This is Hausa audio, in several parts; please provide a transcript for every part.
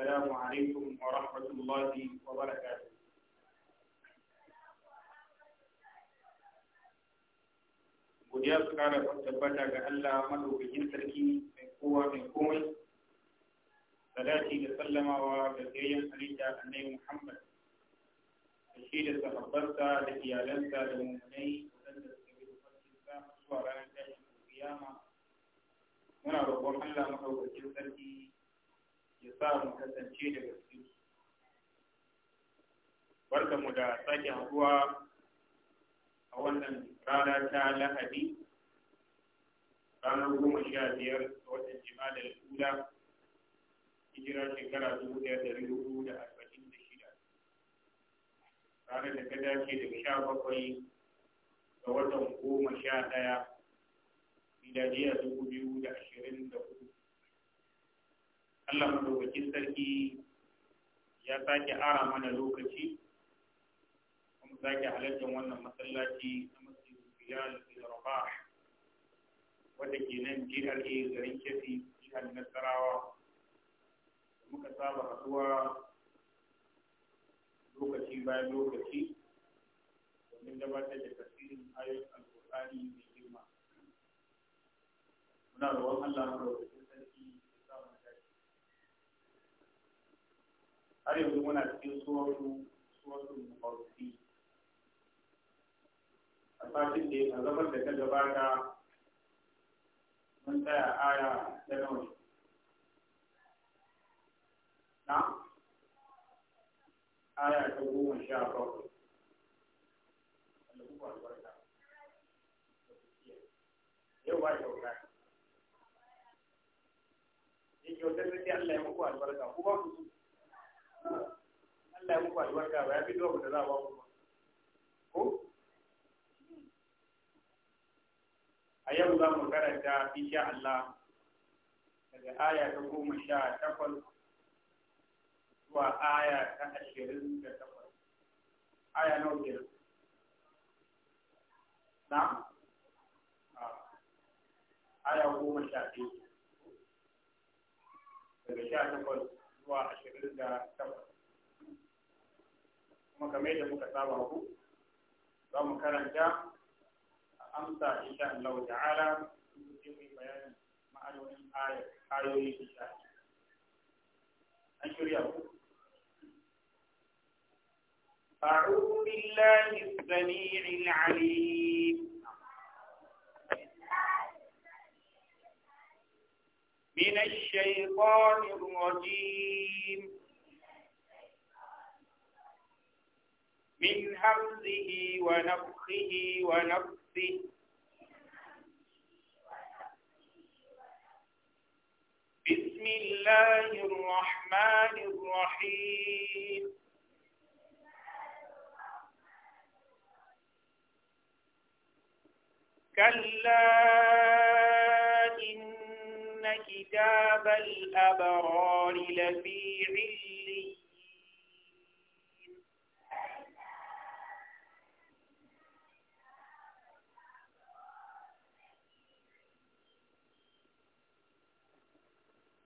السلام عليكم ورحمة الله وبركاته godiya su kara tabbata ga Allah madaukakin sarki mai kowa mai komai salati da sallamawa ga gayyan halitta annabi Muhammad da shi da sahabbansa da iyalansa da mummunai wadanda suka bi farkin sa zuwa ranar tashin kiyama muna roƙon Allah madaukakin sarki ya sa mu kasance da gaske barkanmu da sake haɗuwa a wannan rana ta lahadi ranar goma sha biyar ga watan jima'a da hijira shekara dubu ɗaya da hudu da arba'in da shida ranar da ta dace daga sha bakwai ga watan goma sha ɗaya miladiya dubu biyu da ashirin da hudu Allah madaukakin sarki ya sake ara mana lokaci kuma sake halartar wannan masallaci na matsayin bilal da rabah wadda ke nan a garin Kefi jihar Nasarawa da muka saba haɗuwa lokaci bayan lokaci domin gabatar da tasirin ayoyin alƙur'ani mai girma muna roƙon Allah madaukakin har yanzu muna cikin suratu suratu mawfi a satin da a zama da ta gabata mun tsaya aya ta nawa na aya ta goma sha bakwai yau ba kyauta in kyautar da Allah ya muku albarka ku ba ku su Allah ya muku albarka ba ya fi da za a ba ku ba ko a yau za mu karanta Allah daga aya ta goma sha takwas zuwa aya ta da takwas aya zuwa ashirin da takwas kuma kamar yadda muka saba ku za mu karanta a amsa insha Allah ta'ala sai mu yi bayani ma'anonin ayoyi insha an shirya ku أعوذ بالله السميع العليم من الشيطان الرجيم من همزه ونفخه ونفسه بسم الله الرحمن الرحيم كلا كتاب الأبرار لفي علين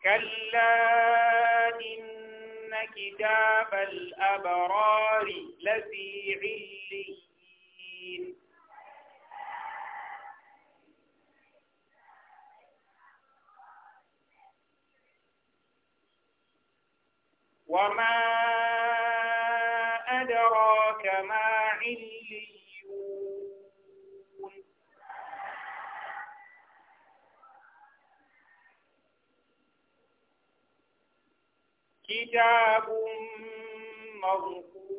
كلا إن كتاب الأبرار لفي علين وما أدراك ما عليون كتاب مرحوم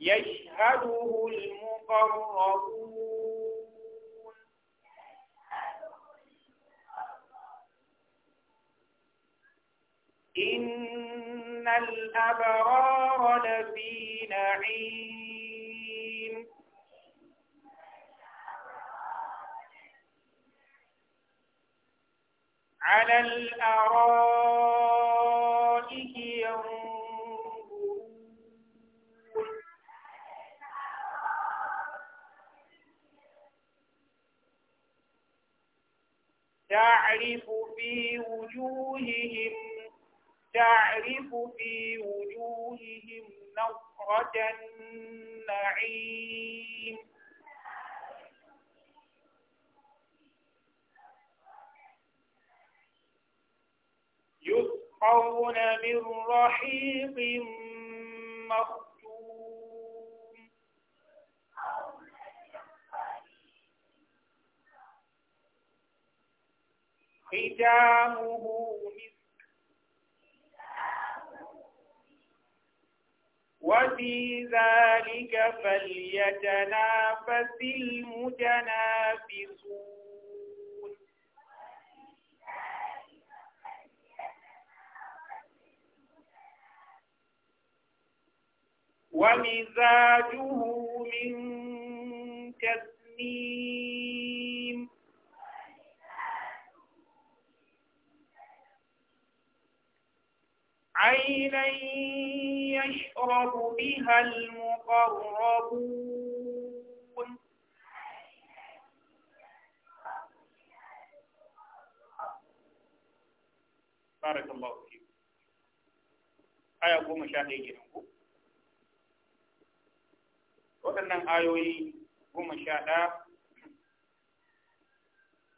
يشهده المقربون الأبرار لفي نعيم النعيم يسقون من رحيق مختوم ختامه وفي ذلك فليتنافس المتنافسون ومزاجه من تسليم عينين يشرب بها المقربون بارك الله فيك aya قوم waɗannan ayoyi goma sha ɗaya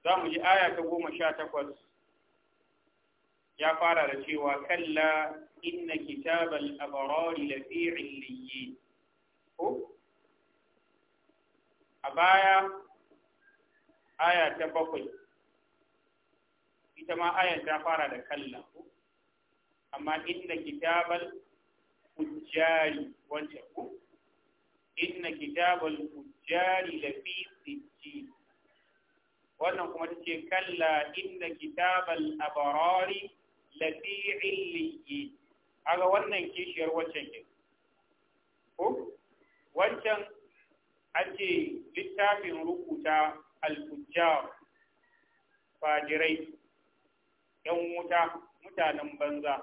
za mu ji aya ta goma sha takwas ya fara da cewa kalla inna kitabal abarari lafi illiyi ko a baya aya ta bakwai ita ma ayan ta fara da kalla ko amma inna kitabal fujjari wancan ko inna kitabal fujjari lafi sijjin wannan kuma ce kalla inna kitabal abarari lafi illiyin kaga wannan kishiyar waccan ke ko wancan ake littafin rubuta al-fujjar fajirai yan wuta mutanen banza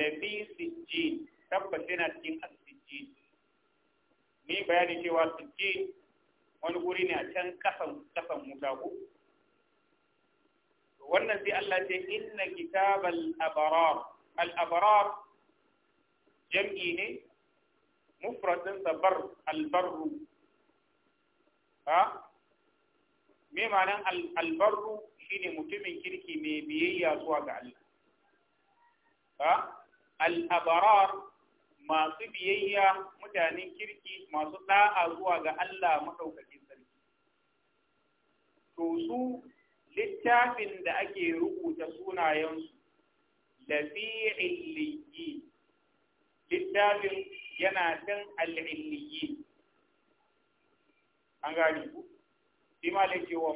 lafi sijji tabbas yana cikin asijji ni bayani cewa sijji wani guri ne a can kasan kasan wuta ko wannan sai Allah ce inna kitabal abarar al-abrar jam'i ne mufradin sa bar al-barru ha me ma'anan al-barru mutumin kirki mai biyayya zuwa ga Allah ha masu biyayya mutanen kirki masu da'a zuwa ga Allah madaukakin sarki to su littafin da ake rubuta sunayensu lafi'il liyi littafin yana cin al'illiyi an gani ku shi malaki wa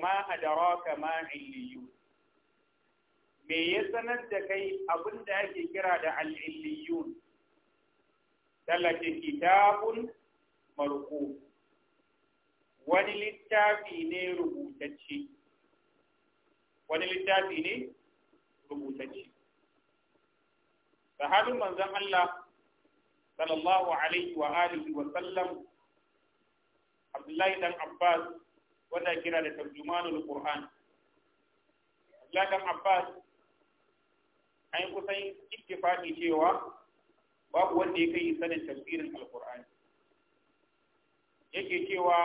me ya sanar da kai abin da ake kira da al'illiyun tallace kitabun marko wani littafi ne rubutacce wani littafi ne rubutacce sahabin manzon Allah sallallahu alaihi wa alihi wa sallam Abdullahi dan Abbas wanda kira da tarjumanul Qur'an Abdullahi dan Abbas an yi kusan ittifaqi cewa babu wanda ya kai sanin tafsirin alqur'ani yake cewa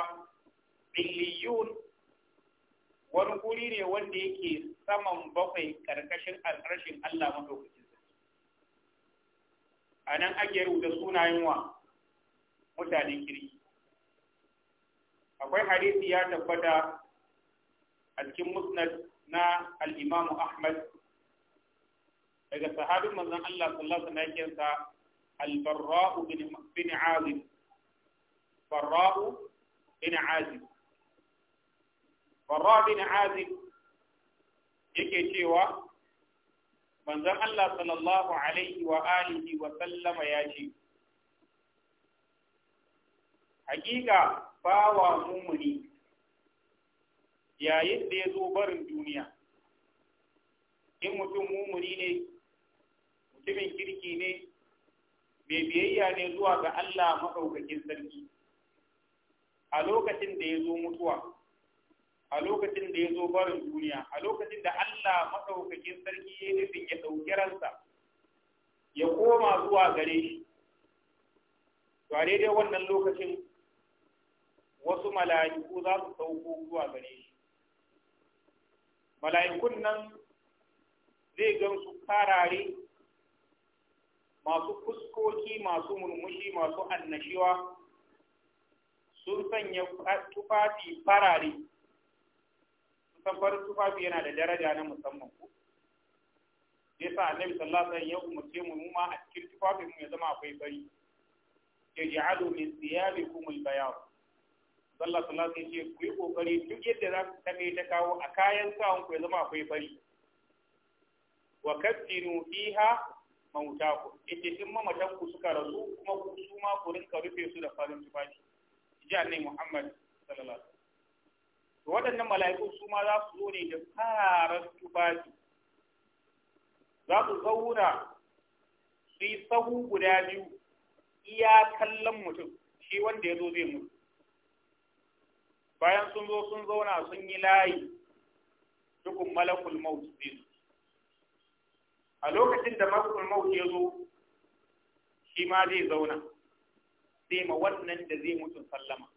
illiyun wani guri ne wanda yake saman bakwai karkashin al'arshin Allah madaukakin a nan ake rubuta sunayen wa mutanen kirki akwai hadisi ya tabbata a cikin musnad na al-imam ahmad daga sahabin manzon Allah sallallahu alaihi wasallam sa al-barra'u bin azib barra'u bin azib barra'u bin azib yake cewa manzon Allah sallallahu alaihi wa alihi wa sallama ya ce hakika bawa mumuni yayin da ya zo barin duniya in mutum mumuni ne mutumin kirki ne mai biyayya ne zuwa ga Allah maɗaukakin sarki a lokacin da ya zo mutuwa a lokacin da ya zo barin duniya a lokacin da Allah maɗaukakin sarki ya nufin ya ɗauki ransa ya koma zuwa gare shi to a daidai wannan lokacin wasu mala'iku za su sauko zuwa gare shi mala'ikun nan zai gamsu karare masu fuskoki masu murmushi masu annashiwa sun sanya tufafi farare san farin tufafi yana da daraja na musamman ko sa annabi sallallahu alaihi wasallam ya umarce mu mu ma a cikin tufafin mu ya zama akwai fari ya ja'alu min siyabikum al-bayad sallallahu alaihi wasallam ya ce ku yi kokari duk yadda za ku take ta kawo a kayan sawun ku ya zama akwai fari wa kaffinu fiha mautaku yace in mamatan ku suka rasu kuma ku su ma ku rinka rufe su da farin tufafi ji annabi Muhammad sallallahu alaihi wasallam to waɗannan mala'iku su ma za su zo ne da fararen tufafi za su zauna su yi sahu guda biyu iya kallon mutum shi wanda ya zo zai mutu bayan sun zo sun zauna sun yi layi dukkan malakul maut zai a lokacin da malakul maut ya zo shi ma zai zauna sai ma wannan da zai mutu sallama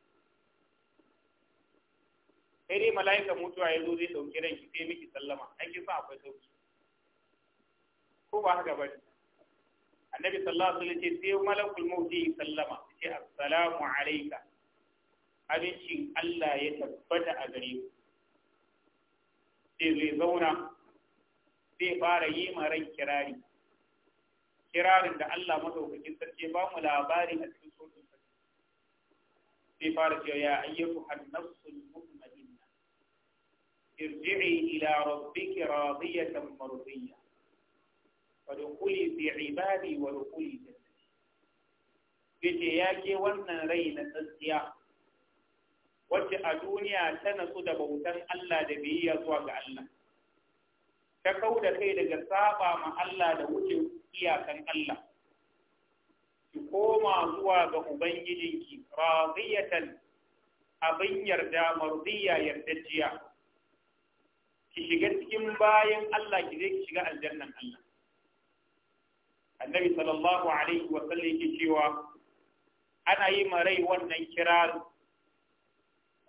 sai dai mala'ika mutuwa ya zo zai ɗauki ranki sai miki sallama ai kin san akwai sauki ko ba haka ba annabi sallallahu alaihi wasallam ce sai malakul mauti sallama ce assalamu alayka abincin Allah ya tabbata a gare ku sai zai zauna zai fara yi ma ran kirari kirarin da Allah madaukakin sarki ba mu labari a cikin sojin sarki zai fara cewa ya ayyuhan nafsul mu'min ارجعي إلى ربك راضية مرضية فادخلي في عبادي وادخلي جنتي yace ya ke wannan rai na tsatsiya wacce a duniya ta natsu da bautan Allah da biyayya zuwa ga Allah ta kau da kai daga saba ma Allah da iyakan Allah ki koma zuwa ga ubangijinki radiyatan abin yarda yarda jiya. ki shiga cikin bayan Allah ki je ki shiga aljannan Allah annabi sallallahu alaihi wa sallam yake cewa ana yi marai wannan kirar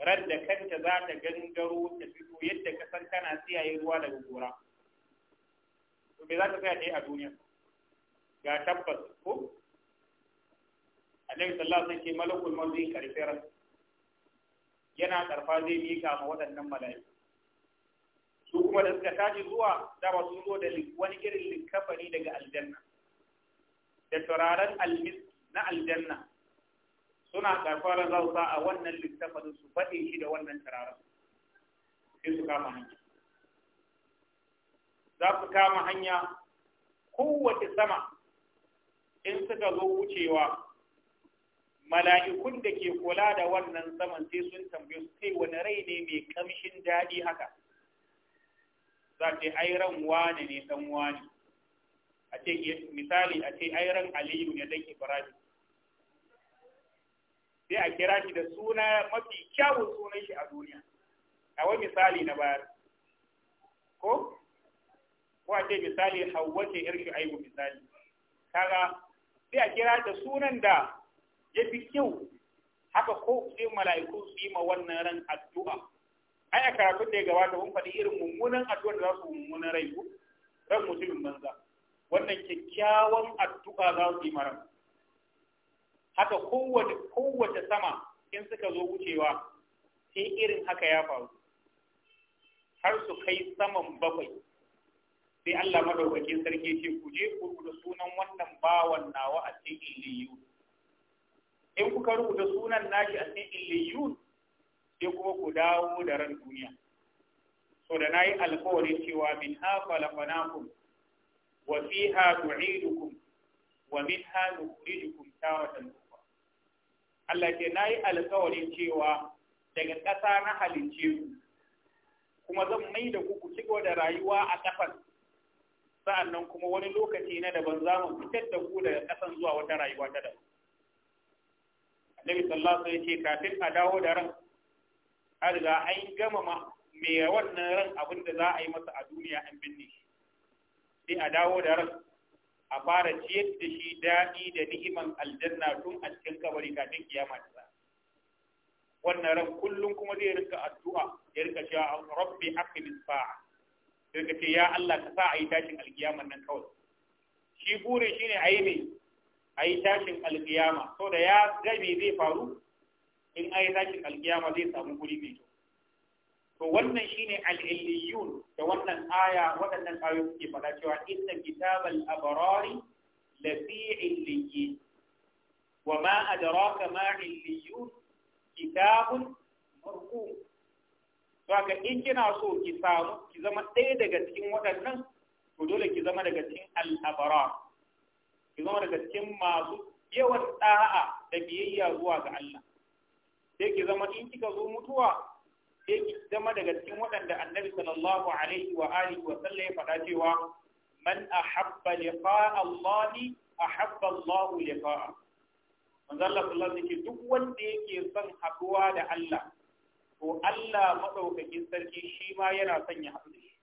ran da kanta za ta gangaro ta fito yadda ka san kana tsiyaye ruwa daga gora to me za ta tsaya ta yi a duniya ga tabbas ko annabi sallallahu alaihi wa sallam ce malakul maut zai karfe ran yana karfa zai mika ma waɗannan mala'iku su kuma da suka tashi zuwa dama sun zo da wani irin likafani daga aljanna da turaren almis na aljanna suna karfara zauta a wannan littafanin su faɗe shi da wannan turaren sai su kama hanya za su kama hanya kowace sama in suka zo wucewa mala'ikun da ke kula da wannan saman sai sun tambaye su kai wani rai ne mai kamshin daɗi haka za ce ai ran wane ne dan wane a ce misali a ce ai ran aliyu ne dan ibrahim sai a kira shi da suna mafi kyawun sunan shi a duniya a wani misali na bayar ko ko a ce misali hawa ce yar shu'aibu misali kaga sai a kira da sunan da ya fi kyau haka ko sai mala'iku su yi ma wannan ran addu'a ai a karatun da ya gabata mun faɗi irin mummunan addu'ar da za su mummunan rai ku ran mutumin banza wannan kyakkyawan addu'a za su yi mara haka kowace kowace sama in suka zo wucewa sai irin haka ya faru har su kai saman bakwai sai Allah madaukakin sarki ce ku je ku rubuta sunan wannan bawan nawa a cikin illiyun in kuka rubuta sunan nashi a cikin illiyun sai kuma ku dawo da ran duniya so da nayi alƙawarin cewa min ha khalaqnakum wa fiha tu'idukum wa min minha nukhrijukum tawatan ukhra Allah ke nayi alƙawarin cewa daga ƙasa na halicce ku kuma zan mai da ku ku cigaba da rayuwa a kafar sa'annan kuma wani lokaci na daban za mu fitar da ku daga ƙasan zuwa wata rayuwa ta daban Annabi sallallahu alaihi wasallam ya ce kafin a dawo da ran an riga an gama ma me wannan ran abin da za a yi masa a duniya an binne shi sai a dawo da ran a fara ciyar da shi daɗi da ni'iman aljanna tun a cikin kabari kafin kiyama ta wannan ran kullum kuma zai rinka addu'a ya rinka cewa rabbi aqimis sa'a ya rinka ce ya Allah ka sa a yi tashin alkiyaman nan kawai shi burin shine a yi ne a yi tashin alkiyama so da ya gabe zai faru in ai tashin alkiyama zai samu guri mai kyau to wannan shine al-illiyun da wannan aya waɗannan ayoyi suke faɗa cewa inna kitabal abrari lafi illiyyin wa ma adraka ma illiyun kitabun marqum to ka in kina so ki samu ki zama ɗaya daga cikin waɗannan to dole ki zama daga cikin al-abrar ki zama daga cikin masu yawan da'a da biyayya zuwa ga Allah sai ki zama in kika zo mutuwa sai ki zama daga cikin waɗanda annabi sallallahu alaihi wa alihi wa sallam ya faɗa cewa man ahabba liqa'a Allah ahabba Allahu liqa'a manzo Allah sallallahu alaihi duk wanda yake son haɗuwa da Allah to Allah madaukakin sarki shi ma yana son ya haɗu da shi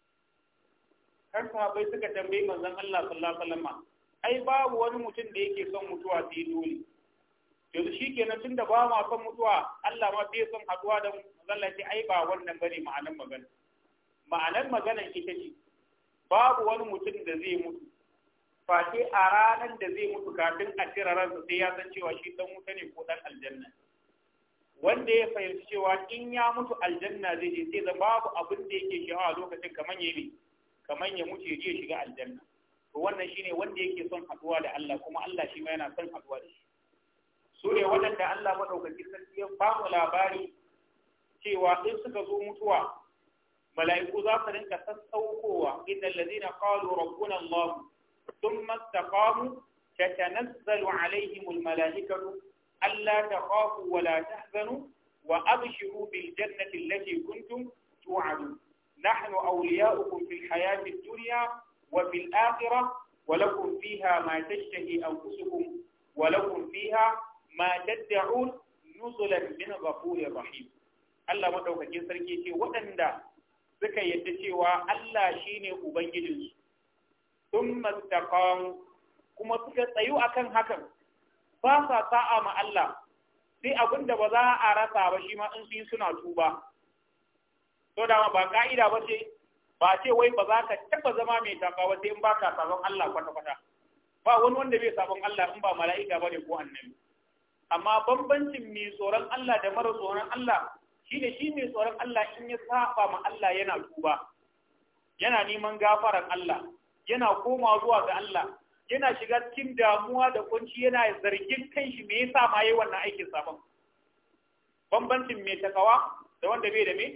har sahabbai suka tambayi manzon Allah sallallahu alaihi wasallam ai babu wani mutum da yake son mutuwa sai dole yanzu shi kenan tun da ba ma son mutuwa Allah ma bai son haduwa da mazalla ce ai ba wannan bane ma'anar magana ma'anar magana ita ce babu wani mutum da zai mutu face a ranar da zai mutu kafin a tira ransa sai ya san cewa shi dan wuta ne ko dan aljanna wanda ya fahimci cewa in ya mutu aljanna zai je sai da babu abin da yake sha'awa lokacin kamar ya bi kamar ya mutu ya je shiga aljanna to wannan shine wanda yake son haduwa da Allah kuma Allah shi ma yana son haduwa da shi su wadanda Allah maɗaukakin sarki ya ba labari cewa in suka zo mutuwa mala'iku za su rinka sassaukowa inna lalazina qalu rabbuna Allah thumma istaqamu tatanazzalu alaihim almala'ikatu alla takhafu wa la tahzanu wa abshiru bil jannati allati kuntum tu'adun nahnu awliya'ukum fil hayati ad-dunya wa fil akhirah ولكم فيها ما تشتهي أنفسكم ولكم فيها ma tad'un nuzulan min ghafurir rahim Allah madaukakin sarki ce waɗanda suka yadda cewa Allah shine su thumma istaqamu kuma suka tsayu akan hakan ba sa sa'a ma Allah sai abinda ba za a rasa ba shi ma in sun suna tuba to da ba ka'ida ba ce ba ce wai ba za ka taba zama mai takawa sai in ba ka sabon Allah kwata-kwata ba wani wanda bai sabon Allah in ba mala'ika ba ne ko annabi amma bambancin mai tsoron Allah da mara tsoron Allah shi ne shi mai tsoron Allah in ya saba ma Allah yana tuba yana neman gafaran Allah yana koma zuwa ga Allah yana shiga cikin damuwa da kunci yana zargin kanshi me yasa ma yayi wannan aikin sabon bambancin mai takawa da wanda bai da me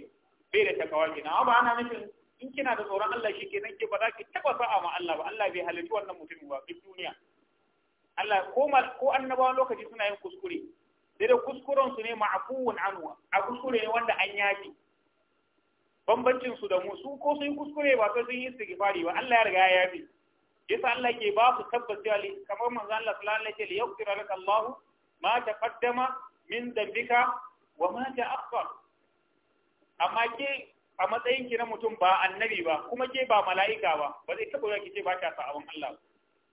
bai da takawa kina amma ana nufin in kina da tsoron Allah shikenan ke ba za ki taba sa'a ma Allah ba Allah bai halitta wannan mutumin ba duk duniya Allah ko mal ko annabawan lokaci suna yin kuskure sai da kuskuren su ne ma'fuun anhu a kuskure ne wanda an yafi. bambancin su da mu su ko sun kuskure ba sai sun yi istighfari ba Allah ya riga ya yafi yasa Allah ke ba su tabbacewa kamar manzo Allah sallallahu alaihi wasallam yake yaghfira lak Allah ma taqaddama min dambika wa ma ta'akhkhar amma ke a matsayin ki na mutum ba annabi ba kuma ke ba mala'ika ba ba zai taba ki ce ba ta sa abun Allah ba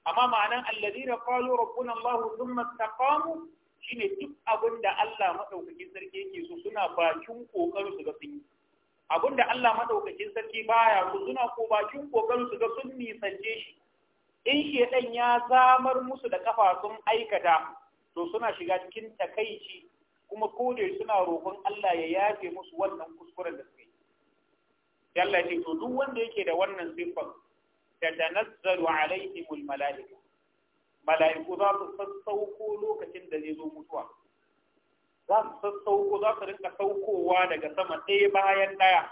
amma ma'anan da qalu rabbuna Allah thumma shi shine duk abin da Allah madaukakin sarki yake so suna bakin kokarin su ga sun yi abin da Allah madaukakin sarki baya so suna ko bakin kokarin su ga sun nisance shi in shedan ya zamar musu da kafa sun aikata to suna shiga cikin takaici kuma da suna roƙon Allah ya yafe musu wannan kuskuren da suka yi. Allah to duk wanda yake da wannan siffar tatanazzalu alaihim almalaika malaiku za su sassauko lokacin da zai zo mutuwa za su sassauko saukowa daga sama ɗaya bayan ɗaya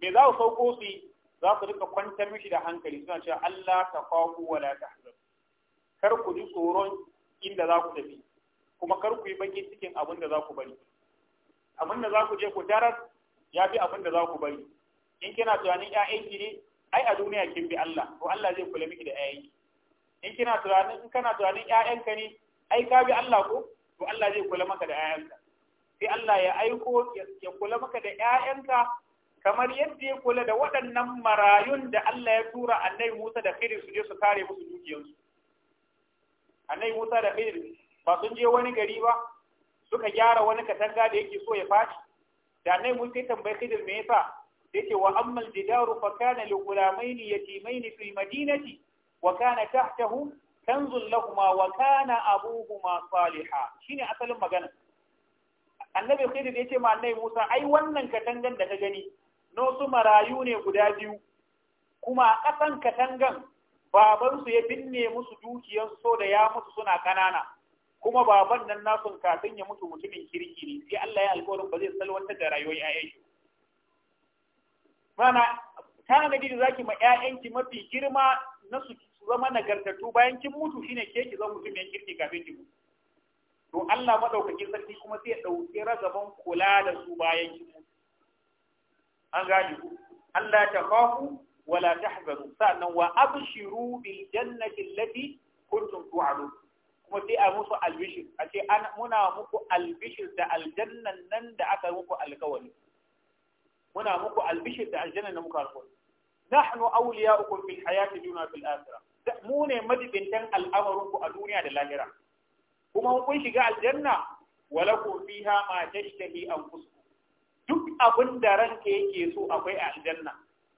me za su sauko su yi za su rinka kwantar mishi da hankali suna cewa Allah ta kwaku wala ta kar ku ji tsoron inda za ku tafi kuma kar ku yi baki cikin abin za ku bari abin za ku je ku taras ya fi abin za ku bari in kina tunanin ƴaƴan ki ne ai a duniya kin bi Allah to Allah zai kula miki da yayi in kina tunanin in kana tunanin ƴaƴanka ne ai ka bi Allah ko to Allah zai kula maka da ƴaƴanka sai Allah ya aiko ya kula maka da ƴaƴanka kamar yadda ya kula da waɗannan marayun da Allah ya tura annabi Musa da Khidir su je su kare musu dukiyarsu annabi Musa da Khidir ba sun je wani gari ba suka gyara wani katanga da yake so ya faci da annabi Musa ya tambayi Khidir me yasa yake wa ammal jidaru fa kana li gulamaini yatimaini fil madinati wa kana tahtahu kanzun wa kana shine asalin magana annabi khidir yace ma annabi Musa ai wannan katangan da ka gani no su marayu ne guda biyu kuma a kasan katangan baban su ya binne musu dukiyar so da ya mutu suna kanana kuma baban nan nasu kafin ya mutu mutumin kirki ne sai Allah ya alƙawarin ba zai salwantar da rayuwar ayyan na tanadi da zaki ma 'ya'yanki mafi girma na su zama nagartattu bayan kin mutu shine ke ki zama mutum ya kirki kafin ki mutu to Allah madaukakin sarki kuma sai ya dauki ragaban kula da su bayan kin mutu an gane ku Allah ta khafu wala tahzanu sannan wa abshiru bil jannati allati kuntum tu'adun kuma sai a musu albishir a ce muna muku albishir da aljannan nan da aka muku alkawari muna muku albishir da aljanna da muka alƙawari nahnu awliya'ukum fil hayati dunya fil akhirah mu ne madibintan al'amarin ku a duniya da lahira kuma kun shiga aljanna walakum fiha ma tashtahi anfusukum duk abin da ranka yake so akwai a aljanna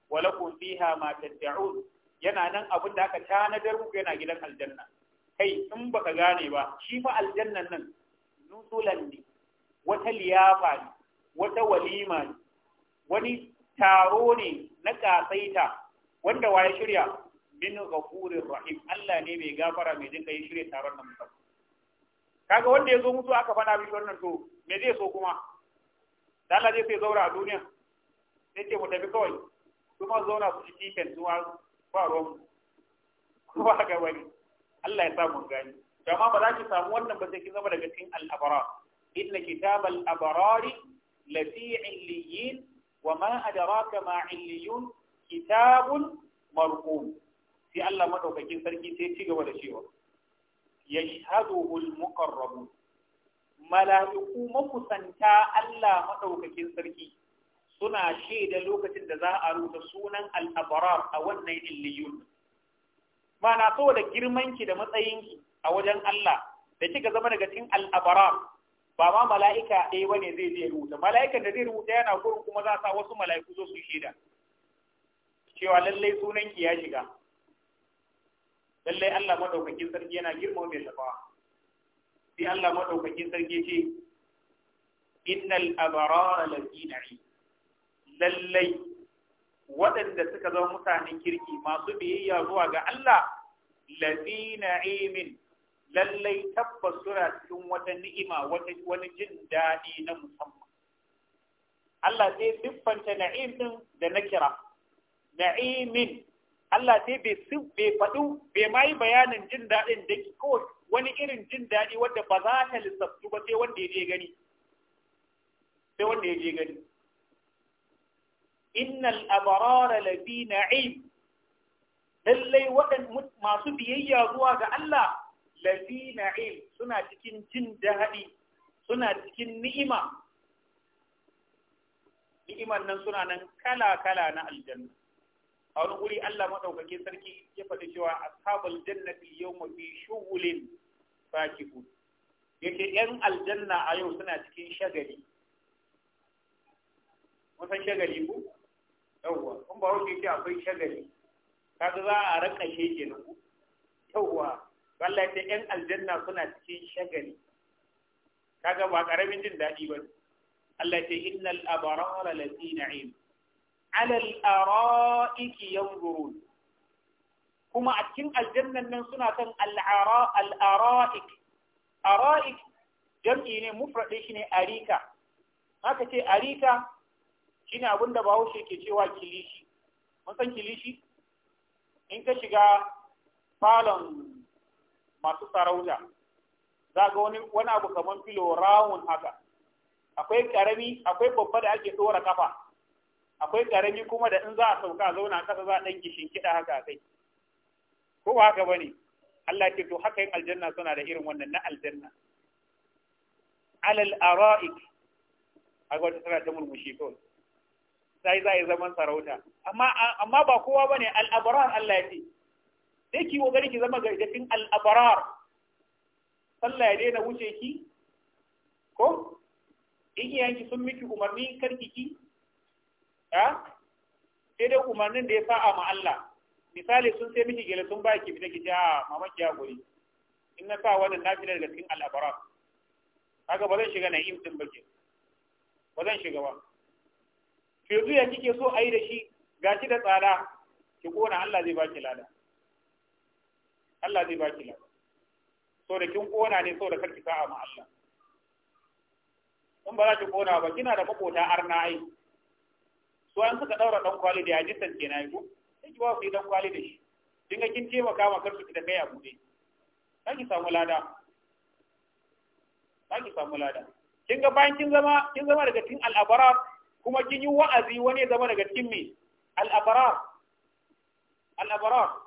walakum fiha ma tad'un yana nan abin da aka tanadar muku yana gidan aljanna kai in baka gane ba shi fa aljannan nan nusulan ne wata liyafa ne wata walima ne wani taro ne na kasaita wanda wa ya shirya min ghafurir rahim Allah ne mai gafara mai jin kai shirya taron nan kaga wanda ya zo mutu aka fana bi wannan to me zai so kuma dan Allah zai sai zaura a duniya sai ce mu tafi kawai kuma zauna su ciki kan zuwa ba ruwan kuma ga wani Allah ya sa mun gani jama'a ba za ki samu wannan ba sai ki zama daga cikin al-abrar inna kitabal abrari lafi'il liyin wa ma adraka ma illiyun kitabun marqum sai Allah madaukakin sarki sai ci gaba da cewa yashhaduhu al-muqarrabun mala'iku makusanta Allah madaukakin sarki suna shaida lokacin da za a rubuta sunan al-abrar a wannan illiyun mana saboda girmanki da matsayinki a wajen Allah da kika zama daga cikin al-abrar ba ma mala'ika ɗaya bane zai je rubuta mala'ikan da zai rubuta yana gurin kuma za a sa wasu mala'iku zo su shaida cewa lallai sunan ki ya shiga lallai Allah madaukakin sarki yana girma mai tafawa sai Allah madaukakin sarki ce innal abarara lafi na'i lallai waɗanda suka zama mutanen kirki masu biyayya zuwa ga Allah lafi na'imin lallai tabbas suna cikin wata ni'ima wani jin daɗi na musamman Allah sai siffanta na'im din da na kira na'imin Allah sai bai bai faɗu bai ma yi bayanin jin daɗin da ko wani irin jin daɗi wadda ba za ta lissaftu ba sai wanda ya je gani sai wanda ya je gani innal abrara labi na'im lallai waɗan masu biyayya zuwa ga Allah lafi na'im suna cikin jin daɗi suna cikin ni'ima ni'iman nan suna nan kala-kala na aljanna a wani wuri Allah maɗaukakin sarki ya faɗi cewa ashabul jannati yawma fi ku. Ya ce yan aljanna a yau suna cikin shagali wasan shagali ku yawwa kun ba wuce ce akwai shagali ta za a rakashe nan ku yawwa Allah ‘yan aljanna suna cikin shagali, kaga ba karamin jin daɗi ba. Allah ta innal abarara lafi na'im, alal ara'iki yanzurun. Kuma a cikin aljannan nan suna kan al'ara'ik, ara'ik jam'i ne mufraɗe shi ne arika, haka ce arika shi ne bahaushe ke cewa kilishi, mun san kilishi? In ka shiga falon masu sarauta za ga wani wani abu kaman filo rawun haka akwai karami akwai babba da ake tsora kafa akwai karami kuma da in za a sauka zauna kasa za a dan gishin kida haka kai ko ba haka bane Allah ke to haka yin aljanna suna da irin wannan na aljanna alal ara'ik a wata tana ta mulmushi kawai sai za a yi zaman sarauta amma amma ba kowa bane al abrar Allah ya ce sai ki gari ki zama gargadin al'abarar sallah ya daina wuce ki ko in iyayenki sun miki umarni karki ki ya sai dai umarnin da ya sa'a ma Allah misali sun sai miki gele sun baki fita ki ja ah, mamaki ki gori in na sa wannan nafila daga cikin al'abarar haka ba zan shiga na'im din ba ke ba zan shiga ba yanzu ya kike so a yi da shi gashi da tsada ki kona Allah zai baki lada Allah zai baki la, so da kin kona ne so da karki sa'a ma Allah in ba za ki kona ba kina da makota arna ai su an suka daura dan kwali da hadisan kenan ko sai ki ba ku dan kwali da shi dinga kin taimaka ma karki da kai a bude ki samu lada ki samu lada kin ga bayan kin zama kin zama daga cikin al'abarar kuma kin yi wa'azi wani ya zama daga cikin me al'abarar al'abarar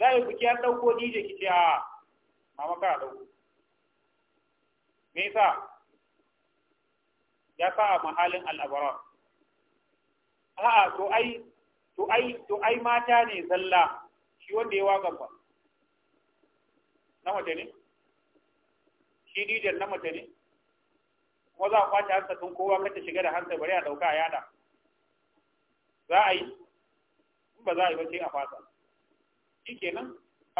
za yi kuki an ɗauko dije ki ce a mama ka ɗauko me ya sa a mahalin al'abarar a'a to ai to ai to ai mata ne zalla shi wanda ya waƙa ba na mace ne shi dijen na mace ne kuma za a kwace hansa tun kowa kata shiga da hansa bari a ɗauka a yada za a yi ba za a yi ba sai a fasa shikenan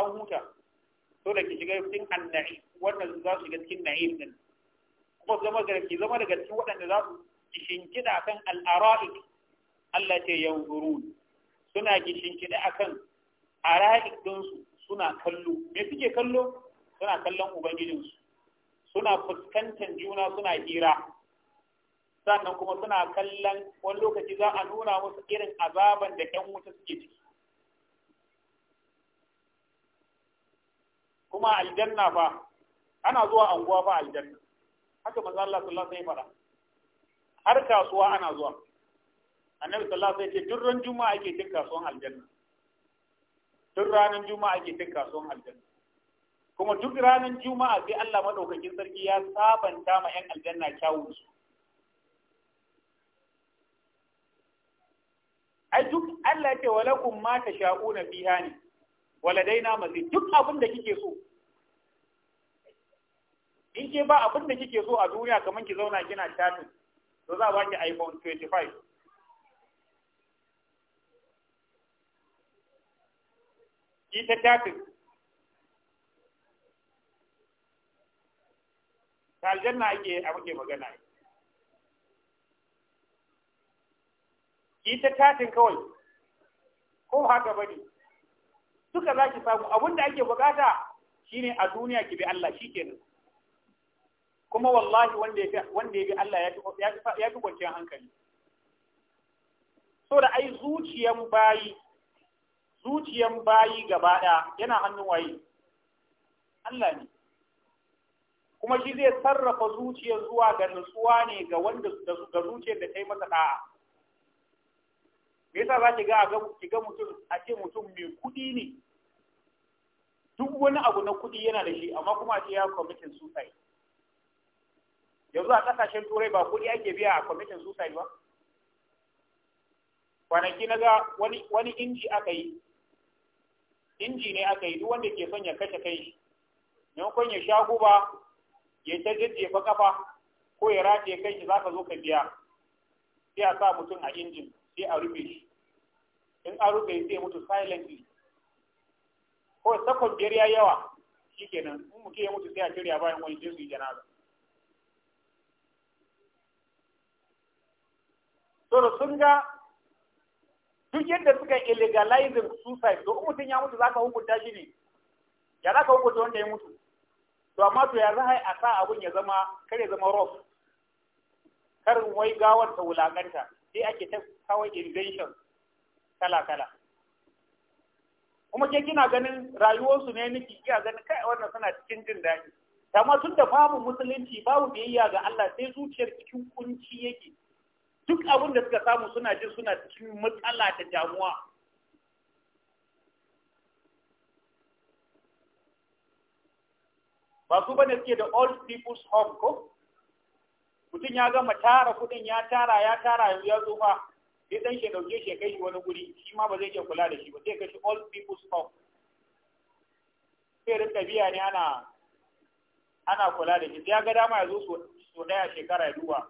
an huta to da ki shiga cikin anna'i wannan za su shiga cikin na'im din kuma zama ga ki zama daga cikin waɗanda za su shinkida kan al'ara'ik Allah ce yanzurun suna shinkida akan ara'ik su suna kallo me suke kallo suna kallon su suna fuskantar juna suna hira sannan kuma suna kallon wani lokaci za a nuna musu irin azaban da ƴan wuta suke ciki kuma aljanna fa ana zuwa anguwa fa aljanna haka manzo Allah sallallahu alaihi wasallam har kasuwa ana zuwa annabi sallallahu alaihi wasallam ya ce duk ran juma'a ake cin kasuwan aljanna duk ranar juma'a ake cin kasuwan aljanna kuma duk ranar juma'a sai Allah madaukakin sarki ya sabanta ma yan aljanna kyawun su ai duk Allah ya ce walakum ma tasha'una fiha ne waladaina mazid duk abin da kike so in ke ba abin da kike so a duniya kamar ki zauna kina chatting to za a baki iPhone 25 ki ta chatting aljanna ake a muke magana ki ta chatting kawai ko haka bane duka za ki samu abin da ake bukata shine a duniya ki bi Allah kenan kuma wallahi wanda ya wanda bi Allah ya fi kwanciyar hankali so da ai zuciyan bayi zuciyan bayi gaba ɗaya yana hannun waye Allah ne kuma shi zai sarrafa zuciyar zuwa ga nutsuwa ne ga wanda zuciyar da ta yi masa da'a me yasa za ki ga ki ga mutum a ce mutum mai kuɗi ne duk wani abu na kuɗi yana da shi amma kuma a ce ya kwamitin suicide yanzu a ƙasashen turai ba kuɗi ake biya a kwamitin suicide ba kwanaki na ga wani wani inji aka yi inji ne aka yi duk wanda ke son ya kashe kai shi maimakon ya sha guba ya ta jajjefa kafa ko ya rataye kai shi za ka zo ka biya sai a sa mutum a injin sai a rufe shi in an rufe sai mutu silently ko sakon biyar ya yawa shi kenan in mutum ya mutu sai a shirya bayan wani je su yi janaza to sun ga duk yadda suka illegalizing suicide to mutum ya mutu za ka hukunta shi ne ya za ka hukunta wanda ya mutu to amma to ya za a sa abun ya zama kare zama rough karin wai gawar ta wulakanta sai ake ta kawai invention kala-kala kuma ke kina ganin rayuwarsu ne niki iya ganin kai wannan suna cikin jin daɗi amma tun da babu musulunci babu biyayya ga Allah sai zuciyar cikin kunci yake duk abin da suka samu suna jin suna cikin matsala da damuwa ba su bane suke da old people's home ko mutum ya gama tara kudin ya tara ya tara yanzu ya tsufa sai dan shi dauke shi kai shi wani guri shi ma ba zai iya kula da shi ba sai kai shi all people stop sai rinka biya ne ana ana kula da shi ya ga dama ya zo so daya shekara ya duba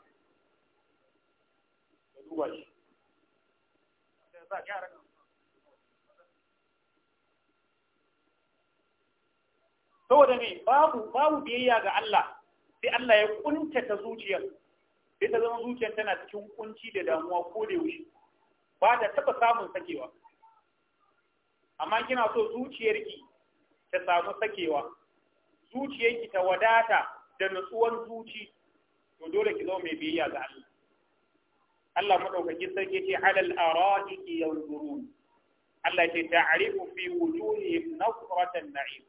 ya duba shi saboda me babu babu biyayya ga Allah sai Allah ya ƙuntata zuciyar sai ta zama zuciyar tana cikin kunci da damuwa ko da yaushe ba ta taba samun sakewa amma kina so zuciyarki ta samu sakewa zuciyarki ta wadata da nutsuwan zuci to dole ki zama mai biyayya ga Allah Allah madaukaki sarki ce halal ara'iki yanzurun Allah ce ta'rifu fi wujuhihim nasratan na'im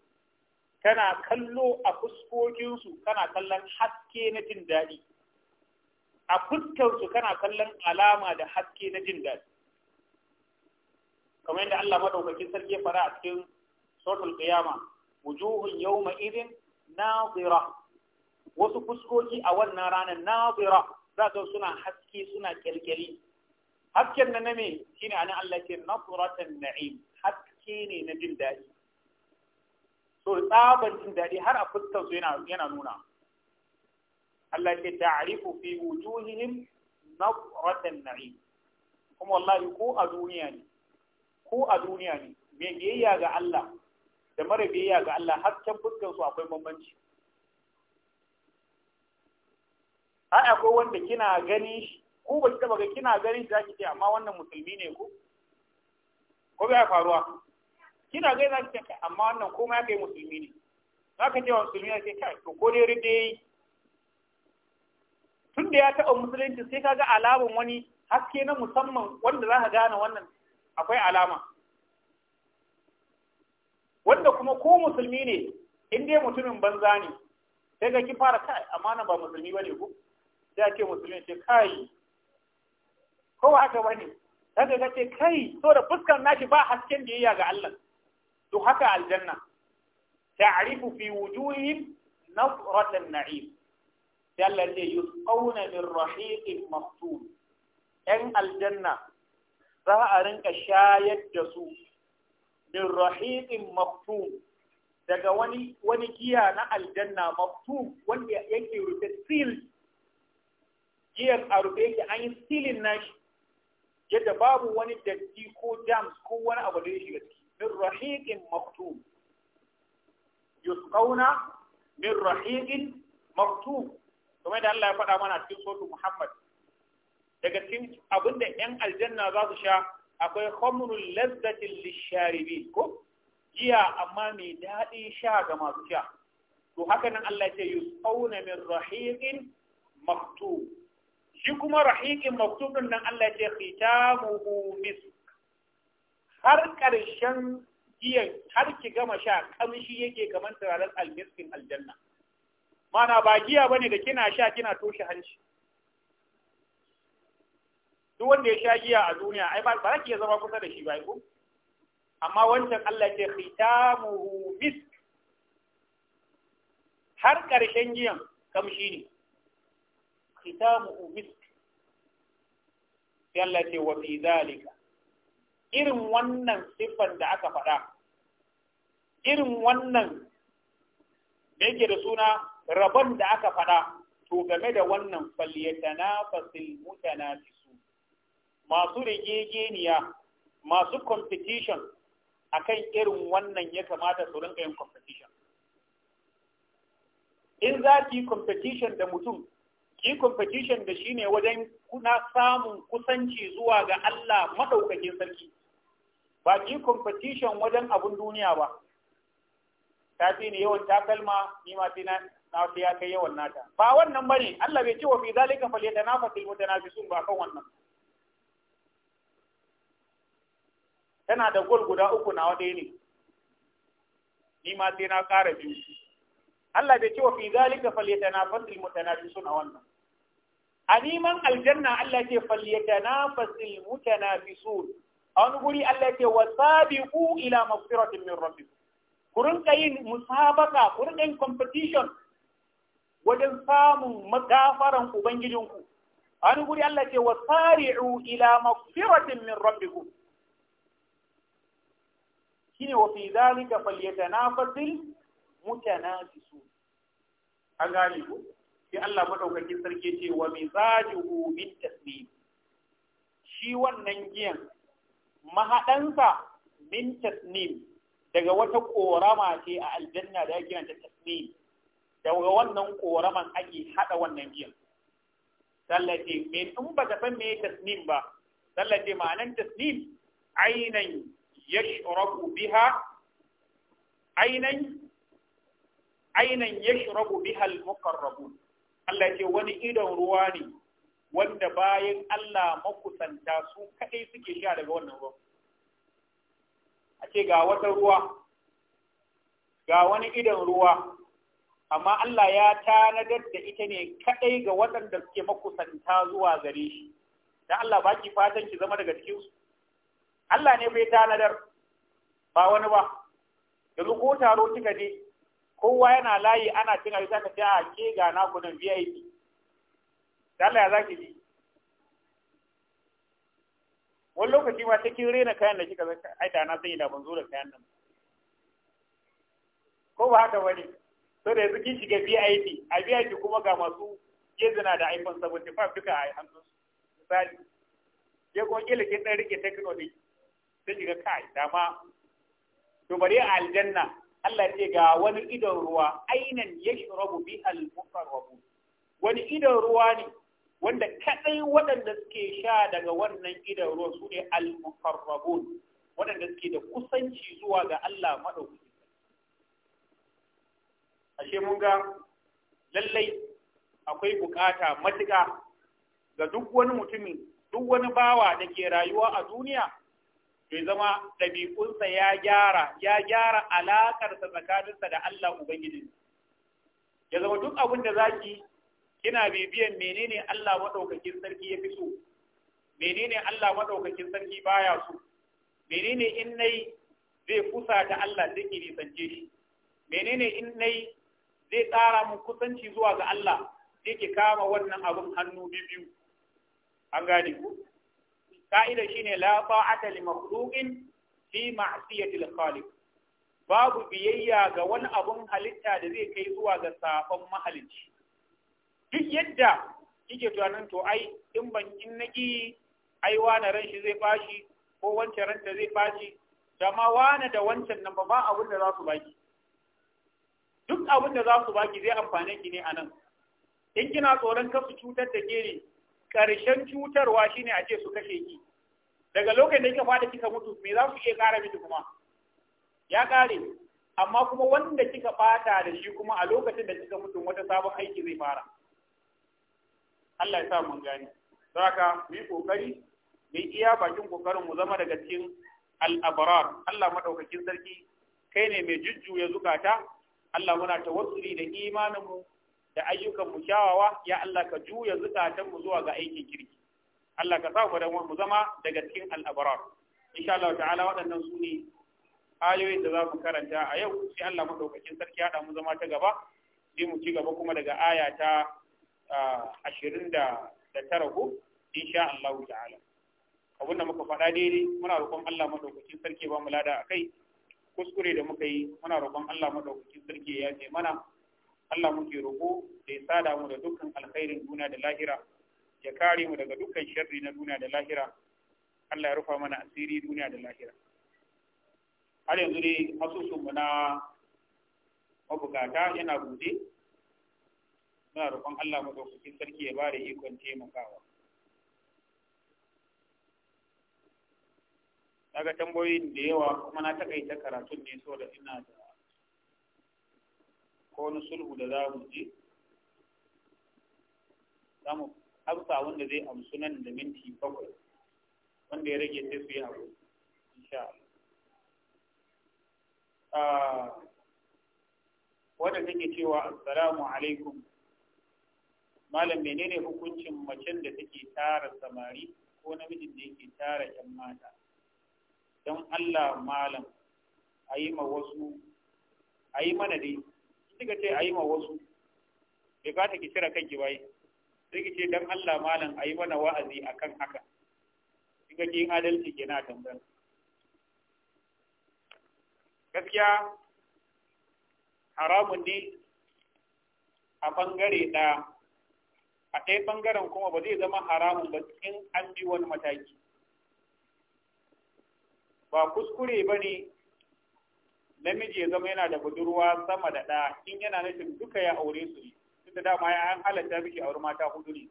kana kallo a fuskokinsu kana kallon haske na jin daɗi a fuskarsu kana kallon alama da haske na jin daɗi kamar yadda Allah madaukakin sarki fara a cikin suratul qiyama wujuhun irin na zira. wasu fuskoki a wannan ranar zira za su suna haske suna kyalkyali hasken na name shine anan Allah ke nasratan na'im haske ne na jin daɗi so tsaban jin daɗi har a fuskar su yana nuna Allah ke ta'rifu fi wujuhihim nadratan na'im kuma wallahi ko a duniya ne ko a duniya ne me biyayya ga Allah da mara biyayya ga Allah har can fuskar su akwai bambanci ai akwai wanda kina gani shi ko ba ki taba ga kina gani shi zaki ce amma wannan musulmi ne ko ko bai faruwa kina ga yana cikin amma wannan komai aka yi musulmi ne za ka ce wa musulmi ya ce kai to ko dai rinde yi tun da ya taɓa musulunci sai ka ga alamun wani haske na musamman wanda za ka gane wannan akwai alama wanda kuma ko musulmi ne in dai mutumin banza ne sai ga ki fara kai amma nan ba musulmi ba ne ko sai ake musulmi ce kai ko haka ba ne sai ga ce kai so da fuskar nashi ba hasken da yayya ga Allah to haka aljanna ta'rifu fi wujuhihim نظرة النعيم التي يسقون من رحيق مختوم أن الجنة ظهرن كشاية جسو من رحيق مختوم daga wani wani giya na aljanna maktub wanda yake rufe seal giyan a rufe yake an yi sealin nashi yadda babu wani datti ko jams ko wani abu da ya shiga ciki min rahiqin maktum yusqauna min rahiqin maktum kuma da Allah ya faɗa mana cikin suratul Muhammad daga cikin abinda 'yan aljanna za su sha akwai khamrul lazzatin lisharibin ko giya amma mai daɗi sha ga masu sha to haka nan Allah ya ce yusqauna min rahiqin maktum shi kuma rahiqin maktum din nan Allah ya ce khitamuhu misk har ƙarshen giyan har ki gama sha kamshi yake kamar turaren almiskin aljanna mana ba giya bane da kina sha kina toshe hanci duk wanda ya sha giya a duniya ai ba za ki zama kusa da shi ba ko amma wancan Allah ya khitamuhu misk har ƙarshen giyan kamshi ne khitamuhu misk sai Allah ce wa fi zalika irin wannan siffan da aka faɗa irin wannan da yake da suna rabon da aka faɗa to game da wannan falyatana fasil mutana su masu rigegeniya masu competition akan irin wannan ya kamata su rinka yin competition in za ki competition da mutum ki competition da shine wajen kuna samun kusanci zuwa ga Allah maɗaukakin sarki ba ki competition wajen abun duniya ba ta fi ni yawan takalma ni ma sai na na ya kai yawan nata ba wannan bane Allah bai ce wa fi zalika falyatanafasul mutanafisun ba kan wannan tana da gol guda uku na wadai ne ni ma sai na ƙara biyu Allah bai ce wa fi zalika falyatanafasul mutanafisun a wannan a neman aljanna Allah ce falyatanafasul mutanafisun a wani guri Allah ce wa sabiqu ila magfiratin min rabbik ku rinka musabaka ku rinka competition wajen samun magafaran ubangijinku a wani guri Allah ce wa sari'u ila magfiratin min rabbik shine wa fi zalika falyatanafasil mutanasisu an gane ku sai Allah madaukakin sarki ce wa mizajuhu bit tasbih shi wannan giyan mahaɗansa min tasnim daga wata ƙorama ce a aljanna da ake ta tasnim daga wannan ƙoraman ake haɗa wannan giyan sallace me tun ba ka san me tasnim ba ma ma'anan tasnim ainan yashrabu biha ainan ainan yashrabu biha al-muqarrabun Allah ce wani idon ruwa ne wanda bayan Allah makusanta su kaɗai suke sha daga wannan ruwan. A ce ga wata ruwa, ga wani idan ruwa, amma Allah ya tanadar da ita ne kaɗai ga waɗanda suke makusanta zuwa gare shi. Da Allah ba fatan ki zama daga cikinsu. Allah ne bai tanadar, ba wani ba. da ko taro kika je, kowa yana layi ana cin abinci ce a ke ga naku nan VIP. da Allah ya zaki ji wani lokaci ma cikin rena kayan da kika zaka ai da na zai da ban zo da kayan nan ko ba haka bane to da yanzu kin shiga VIP a VIP kuma ga masu na da iPhone 75 duka a hannun misali ya ko kila kin dan rike technology sai kiga kai dama to bari a aljanna Allah ce ga wani idon ruwa ainan yashrabu bi al-muqarrabun wani idon ruwa ne wanda kaɗai waɗanda suke sha daga wannan idan ruwa su ne al mufarrabun waɗanda suke da kusanci zuwa ga Allah madaukaki ashe mun ga lallai akwai bukata matuƙa ga duk wani mutumi duk wani bawa da ke rayuwa a duniya bai zama ɗabi'unsa ya gyara ya gyara alaƙarsa tsakaninsa da Allah Ubangiji ya zama duk abin da zaki kina bibiyan menene Allah madaukakin sarki ya fi so menene Allah madaukakin sarki baya so menene in nai zai kusa ta Allah zai ni sanje shi menene in nai zai tsara mu kusanci zuwa ga Allah sai ki kama wannan abun hannu biyu an gane ku ka'ida shine la ta'ata li makhluqin fi ma'siyati al-khaliq babu biyayya ga wani abun halitta da zai kai zuwa ga sabon mahalicci duk yadda kike tunanin to ai in ban in naki ai wani ran shi zai bashi ko wancan ranta zai bashi da ma wani da wancan nan ba abin da za su baki duk abin da za su baki zai amfane ki ne a nan in kina tsoron kar su cutar da ke ne ƙarshen cutarwa shine a ce su kashe ki daga lokacin da kika fada kika mutu me za su iya ƙara miki kuma ya ƙare amma kuma wanda kika bata da shi kuma a lokacin da kika mutu wata sabon aiki zai fara Allah ya sa mun gane saka mu yi kokari mu iya bakin kokarin mu zama daga cikin al Allah madaukakin sarki kai ne mai jujjuya zukata Allah muna tawassuli da imanin mu da ayyukan mu kyawawa ya Allah ka juya zukatan mu zuwa ga aikin kirki Allah ka sa mu zama daga cikin al-abrar insha Allah ta'ala waɗannan su ne ayoyin da za mu karanta a yau sai Allah madaukakin sarki ya mu zama ta gaba sai mu ci gaba kuma daga aya ta ashirin da tara ko insha Allah ta'ala abin da muka faɗa daidai muna roƙon Allah madaukakin sarki ba mu lada kai. kuskure da muka yi muna roƙon Allah madaukakin sarki ya ce mana Allah muke roƙo da ya sada mu da dukkan alkhairin duniya da lahira ya kare mu daga dukkan sharri na duniya da lahira Allah ya rufa mana asiri duniya da lahira har yanzu dai mu na mabukata yana bude suna roƙon Allah maɗaukakin sarki ya bada ikon taimakawa daga tambayoyin da yawa kuma na taƙaita karatun ne so da ina da ko wani sulhu da za mu je za mu amsa wanda zai amsu nan da minti bakwai wanda ya rage sai su yi abu insha Allah ah, wanda take cewa assalamu alaikum malam menene hukuncin macen da take tara samari ko namijin da yake tara yan mata don Allah malam a yi ma wasu a yi mana dai kika ce a yi ma wasu bai ba ta ki cire kanki bai sai kike ce don Allah malam a yi mana wa'azi akan haka kika ce adalci ke na tambayar gaskiya haramun ne a bangare ɗaya a ɗaya ɓangaren kuma ba zai zama haramun ba in an bi wani mataki ba kuskure ba ne namiji ya zama yana da budurwa sama da ɗaya in yana nufin duka ya aure su ne da dama ya an halatta a aure mata hudu ne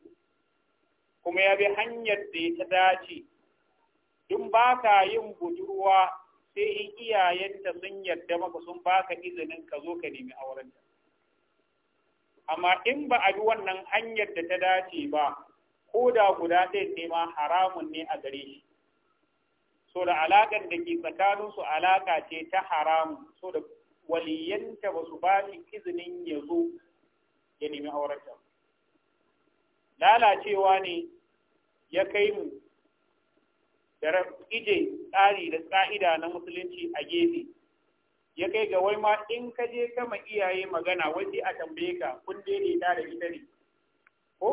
kuma ya bi hanyar da ya ta dace in ba ka yin budurwa sai in iyayenta sun yarda maka sun ba ka izinin ka zo ka nemi aurenta amma in ba a bi wannan hanyar da ta dace ba ko da guda ɗaya ne ma haramun ne a gare shi so da alaƙar da ke tsakaninsu alaƙa ce ta haramu, so da waliyanta ba su ba shi izinin ya zo ya nemi aurata lalacewa ne ya kai mu da ije tsari da tsa'ida na musulunci a gefe ya kai ga wai ma in ka je kama iyaye magana wai sai a tambaye ka kun daidaita da ita ne ko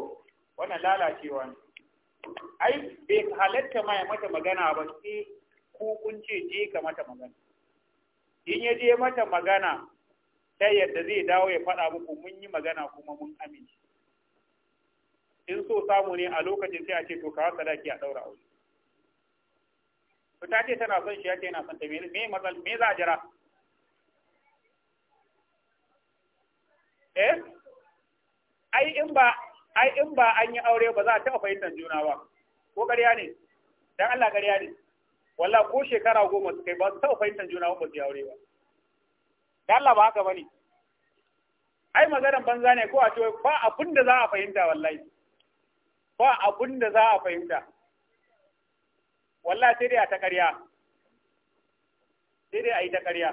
wannan lalacewa ne ai bai halatta ma ya mata magana ba sai ko kun ce je ka mata magana in ya je mata magana ta yadda zai dawo ya faɗa muku mun yi magana kuma mun amince in so samu ne a lokacin sai a ce to kawo sadaki a ɗaura aure ta ce tana son shi ya ce yana son ta me me za a jira eh ai in ba ai in ba an yi aure ba za a taɓa fahimtar juna ba ko ƙarya ne dan Allah ƙarya ne wallahi ko shekara goma su kai ba su taɓa fahimtar juna ba su yi aure ba dan Allah ba haka bane ai maganar banza ne ko a ce ba abin da za a fahimta wallahi ba abin da za a fahimta wallahi sai dai a ta ƙarya sai dai a yi ta ƙarya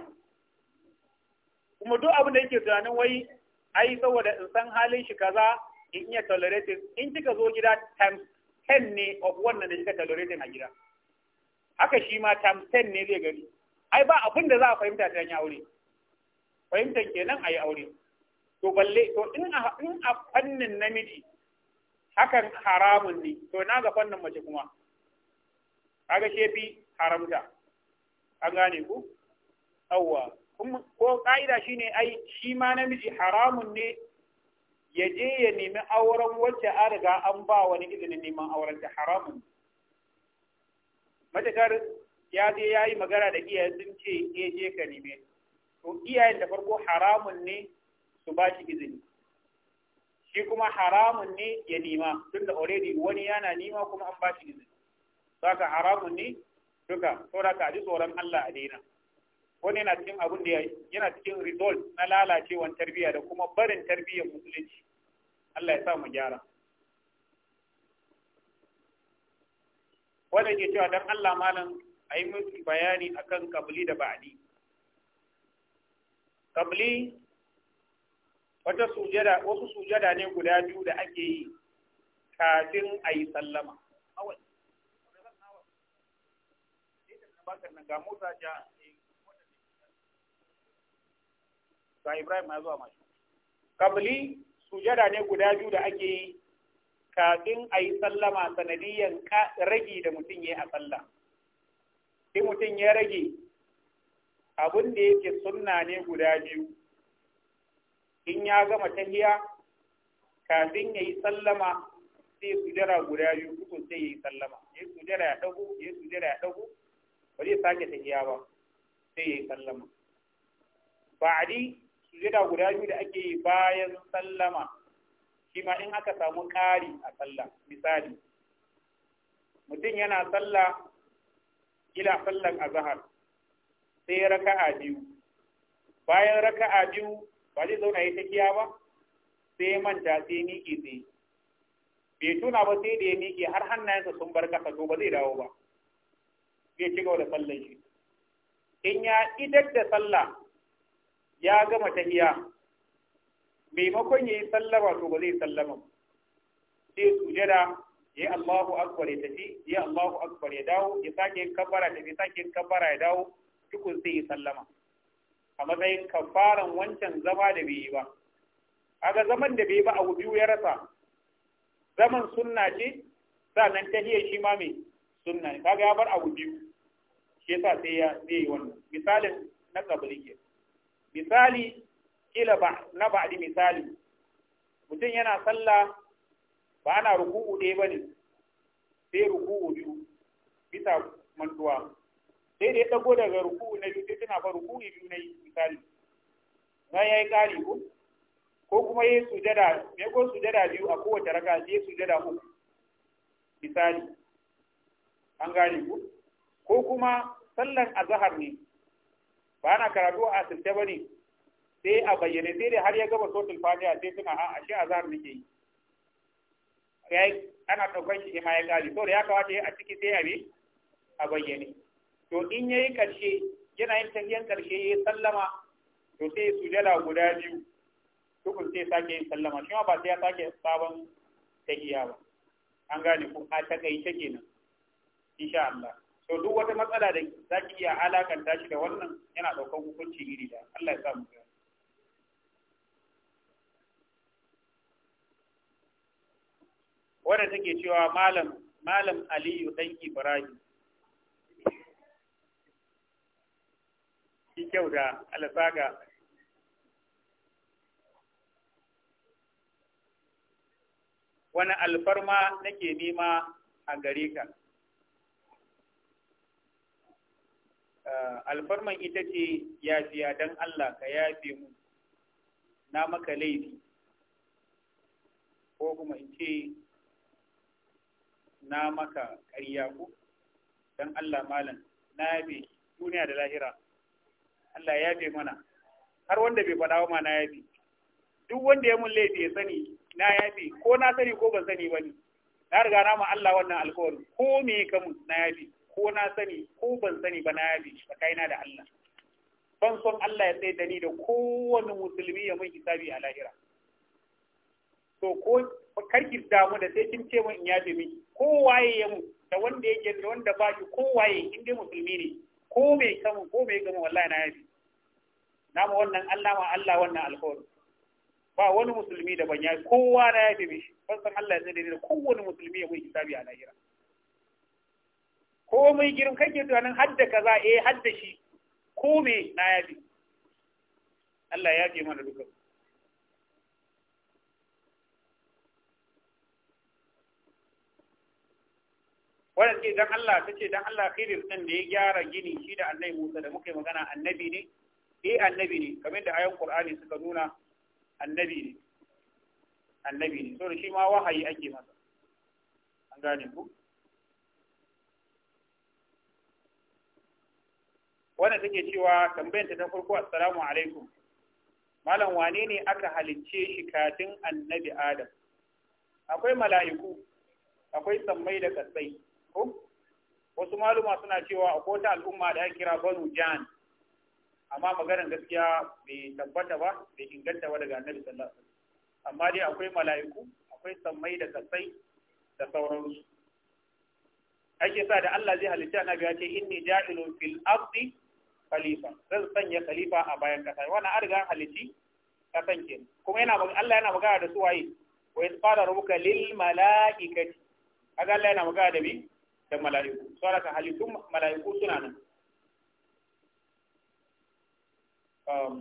kuma duk abin da yake tunanin wai ai saboda in san halin shi kaza in iya tolerating in kika zo gida times 10 ne of wannan da kika tolerating a gida haka shi ma times 10 ne zai gani ai ba abin da za a fahimta ta yi aure fahimtar kenan a yi aure to balle to in a fannin namiji hakan haramun ne to na ga fannin mace kuma kaga shefi haramta an gane ku awwa ko ƙa'ida shi ne ai shi ma namiji haramun ne ya je ya nemi auren wacce an riga an ba wani izinin neman auren ta haramun matakar ya je ya yi magana da iyayen sun ce ya eh, je ka nemi to iyayen da farko haramun ne su ba shi izini shi kuma haramun ne ya nema tun da already wani yana nema kuma an ba shi izini ka haramun ne duka saboda ka tsoron Allah a daina wani yana cikin abin da yana cikin result na lalacewan tarbiyya da kuma barin tarbiyyar musulunci Allah ya sa mu gyara wanda ke cewa dan Allah malam a yi musu bayani akan kabli da ba'di kabli wata sujada wasu sujada ne guda biyu da ake yi kafin a yi sallama. Awai, ga motsa ja ga Ibrahim ya zuwa mashi kabli sujada ne guda biyu da ake yi kafin a yi sallama sanadiyan ragi da mutum ya yi a sallah sai mutum ya rage abin da yake sunna ne guda biyu in ya gama tahiya kafin ya yi sallama sai sujada sujara guda biyu uku sai ya yi sallama ya yi sujara ya ɗago ya yi sujara ya ɗago ba zai sake tahiya ba sai ya yi sallama ba'adi sujada guda biyu da ake bayan sallama shi ma in aka samu ƙari a sallah misali mutum yana sallah ila sallan azhar sai ya raka'a biyu bayan raka'a biyu ba zai zauna ya tafiya ba sai ya manta sai ya miƙe sai. bai tuna ba sai da ya miƙe har hannayensa sun bar kasa to ba zai dawo ba zai ci gaba da sallan shi in ya idar da sallah ya gama tahiya maimakon ya yi sallama to ba zai sallama sai sujada ya Allahu akbar ya tafi ya Allahu akbar ya dawo ya sake yin kabbara tafi sake yin kabbara ya dawo tukun sai ya sallama a matsayin kafaran wancan zama da bai yi ba aga zaman da bai ba abu biyu ya rasa zaman sunna ce sannan tahiyar shi ma mai sunna ne kaga ya bar abu biyu shi yasa sai ya zai yi wannan misalin na kabili misali kila ba na ba'di misali mutum yana sallah ba ana ruku'u ɗaya ba ne sai ruku'u biyu bisa mantuwa sai da ya ɗago daga ruku'u na biyu sai tana fa ruku'u biyu na misali na ya yi ƙari ko ko kuma ya sujada ya ko sujada biyu a kowace raka sai sujada uku misali an gane ko ko kuma sallan azhar ne ba na karatu a asirce ba ne sai a bayyane sai dai har ya gaba sotul fatiha sai suna a ashe azhar nake yi yayi ana daukan shi ma ya kare to ya kawace a ciki sai abi a bayyane to in yayi karshe yana yin tafiyan karshe yayi sallama to sai sujada guda biyu tukun sai sake yin sallama shi ma ba sai ya sake sabon tahiya ba an gane ku a takaice kenan insha Allah so duk wata matsala da za ki iya alakanta shi da wannan yana ɗaukar hukunci iri da Allah ya sa mu wadda take cewa malam malam Aliyu dan Ibrahim shi kyau da alfaga wani alfarma nake nema a gare ka Eh, alfarman ita ce yafiya don Allah ka yafe mu na maka laifi ko kuma in ce na maka ƙarya ku don Allah malam na yafe duniya da lahira Allah ya yafe mana har wanda bai faɗa ma na yafe duk wanda ya mun laifi ya sani na yafe ko na sani ko ban sani ba ne na riga na ma Allah wannan alƙawarin ko me ka mun na yafe ko na sani ko ban sani ba na yabe shi tsakanina da Allah ban son Allah ya tsaye da ni da kowane musulmi ya mun hisabi a lahira to ko karki damu da sai kin ce mun in yabe miki waye ya mu da wanda yake da wanda ba shi waye in dai musulmi ne ko mai kamu ko mai gama wallahi na yabe na mu wannan Allah ma Allah wannan alƙawari ba wani musulmi da ban yabe kowa na yabe mishi ban san Allah ya tsaye da ni da kowane musulmi ya mun hisabi a lahira Ko mai girin kake tunanin hadda kaza eh hadda shi ko me na yaji. Allah ya yafe mana duka wannan ce dan Allah tace dan Allah khairin din da ya gyara gini shi da annabi Musa da muke magana annabi ne eh annabi ne kamar da ayan Qur'ani suka nuna annabi ne annabi ne to shi ma wahayi ake masa an gane ku wanda take cewa tambayar ta farko assalamu alaikum malam wane ne aka halicce shi kafin annabi adam akwai mala'iku akwai sammai da kasai ko wasu maluma suna cewa akwai wata al'umma da ake kira banu jan amma maganar gaskiya bai tabbata ba bai inganta ba daga annabi sallallahu alaihi wasallam amma dai akwai mala'iku akwai sammai da kasai da sauransu ake sa da Allah zai halitta na ya ce inni ja'ilun fil ardi khalifa zan sanya khalifa a bayan kasa wannan an riga halitti kasan ke kuma yana Allah yana magana da su waye wa iz qala rabbuka lil malaikati kaga Allah yana magana da bi da malaiku ka halittun malaiku suna nan um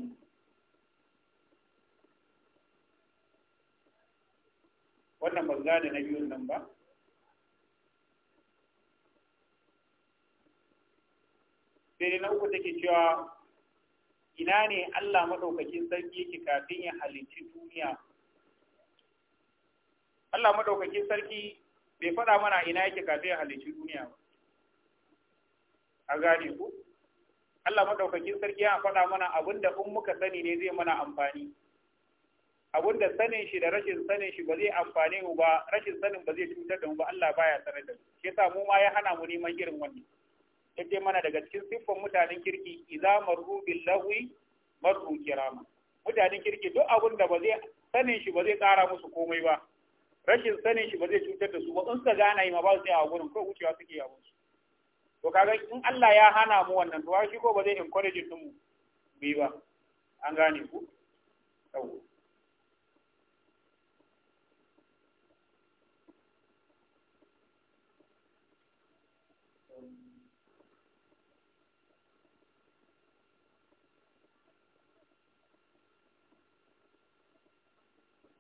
wannan ban gane na biyun nan ba sai na uku take cewa ina ne Allah madaukakin sarki yake kafin ya halicci duniya Allah madaukakin sarki bai faɗa mana ina yake kafin ya halicci duniya ba a gane ku Allah madaukakin sarki ya faɗa mana abinda in muka sani ne zai mana amfani abinda sanin shi da rashin sanin shi ba zai amfane mu ba rashin sanin ba zai cutar da mu ba Allah baya sanar da mu shi yasa mu ma ya hana mu neman irin wannan yake mana daga cikin siffan mutanen kirki iza marru bil lahwi marru kirama mutanen kirki duk abin da ba zai sanin shi ba zai tsara musu komai ba rashin sanin shi ba zai cutar da su ba in suka gana yi ma ba su tsaya a gurin ko wucewa suke a su to kaga in Allah ya hana mu wannan to shi ko ba zai encourage din mu bi ba an gane ku yawo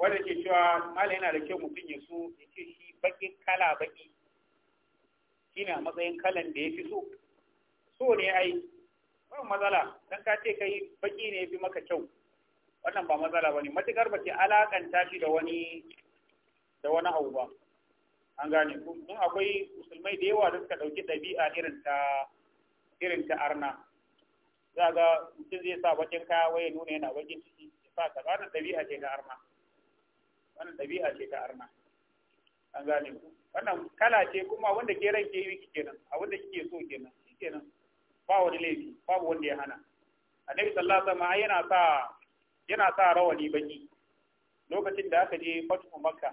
wanda ke cewa malam yana da kyau mutum ya so ya ce shi baƙin kala baƙi shine matsayin kalan da ya fi so so ne ai ba matsala dan ka ce kai baƙi ne ya fi maka kyau wannan ba matsala ba ne matuƙar ba ce alaƙanta shi da wani da wani abu ba an gane don akwai musulmai da yawa da suka ɗauki ɗabi'a irin ta irin ta arna za ga mutum zai sa baƙin kaya waye nuna yana bakin ciki ya sa ta ɗabi'a ce ta arna wannan ɗabi'a ce ta arna an gane ku wannan kala ce kuma wanda ke ranke yi kenan a wanda kike so kenan kenan ba wani laifi babu wanda ya hana annabi sallallahu alaihi wasallam yana sa yana sa rawani baki lokacin da aka je fatu makka